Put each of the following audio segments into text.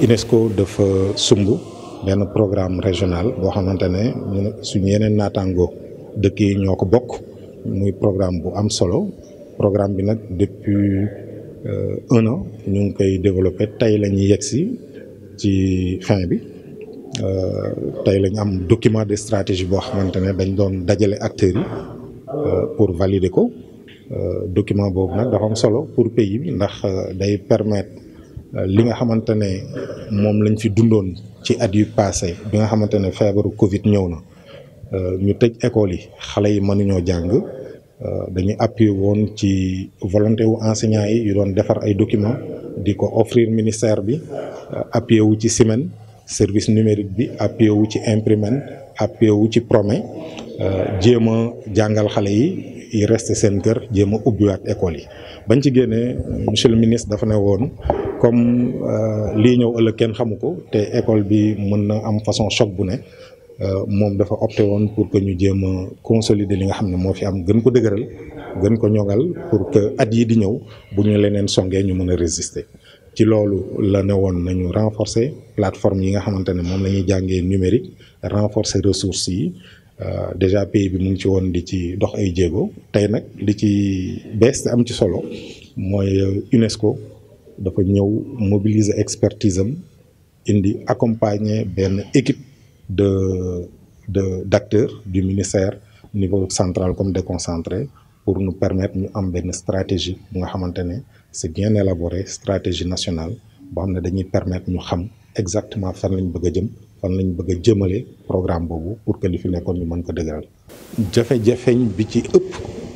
UNESCO de dans un programme régional Nous sommes programme depuis euh, un an nous avons développé un euh, document de stratégie acteurs euh, pour valider document pour pays li nga xamante ne moom lañ fi dundoon ci at yu passé bi nga xamante ne feebaru Covid ñëw na euh, ñu tëj école yi xale yi mënuñoo jàng euh, dañu appuyé woon ci volonté wu enseignants yi yu doon defar ay documents di ko offrir ministère bi euh, appuyé wu ci semaine service numérique bi appuyé wu ci imprimante appuyé wu ci Promet jéem a jàngal xale yi yi reste seen kër jéem a ubbiwaat école yi bañ ci génnee monsieur le ministre dafa ne woon. comme euh, lii ñëw ëllëg kenn xamu ko te école bi mën na am façon choc bu ne euh, moom dafa opté woon pour que ñu jéem a consolider li nga xam ne moo fi am gën ko dëgëral gën ko ñoŋal pour que at yi di ñëw bu ñu leneen songee ñu mën a résister ci loolu la ne woon nañu renforcer plateforme yi nga xamante ne moom la ñuy jàngee numérique renforcer ressources yi euh, déjà pays bi mu ngi ci woon di ci dox ay jéego tey nag li ci bees am ci solo mooy UNESCO dafa ñëw mobiliser expertise am indi accompagner une équipe de de du ministère niveau central comme déconcentré pour nous permettre ñu am benn stratégie bu nga xamante ne bien élaboré stratégie nationale boo nous dañuy permettre ñu xam exactement fan lañ bëgg a jëm fan lañ bëgg a jëmale programme pour que li fi nekkoon ñu mën ko dëgëral jafe-jafeñ bi ci ëpp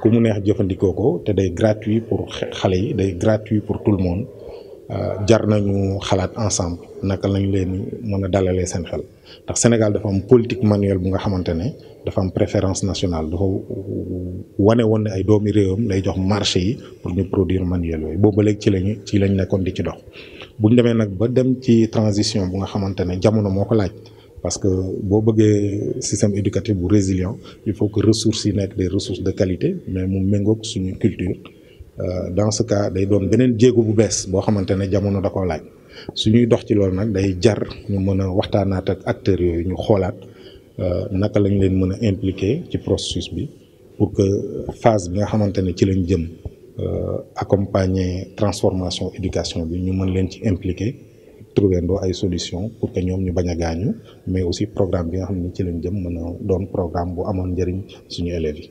ku mu neex jëfandikoo ko te day gratuit pour xale yi day gratuit pour tout le monde euh, jar nañu xalaat ensemble naka lañ leen mën a dalalee seen xel ndax Sénégal dafa am politique manuelle bu nga xamante ne dafa am préférence nationale dafa wane woon ne ay doomi réewam lay jox marché pour ñu produire manuel yooyu boobu ba léegi ci lañu ci lañ nekkoon di ci dox bu ñu demee ba dem ci transition bu nga xamante jamono moo laaj parce que boo le système éducatif bu résilient il faut que ressources avec des ressources de qualité mais mu méngoog suñu culture euh, dans ce cas day donne bien jéego bu bees boo xamante ne jamono da koo laaj suñuy dox ci là. nag day jar ñu mën a waxtaanaat acteur, acteurs yooyu ñu xoolaat euh, naka lañ leen impliqué ci processus bi pour que phase bi nga xamante ne ci lañ jëm euh, accompagner transformation éducation bi ñu mën leen ci impliqué trouver ndoo ay solution pour que ñoom ñu bañ a gaañu mais aussi programme bi nga xam ne ci lañ jëm mën a doon programme bu amoon njëriñ suñu élèves yi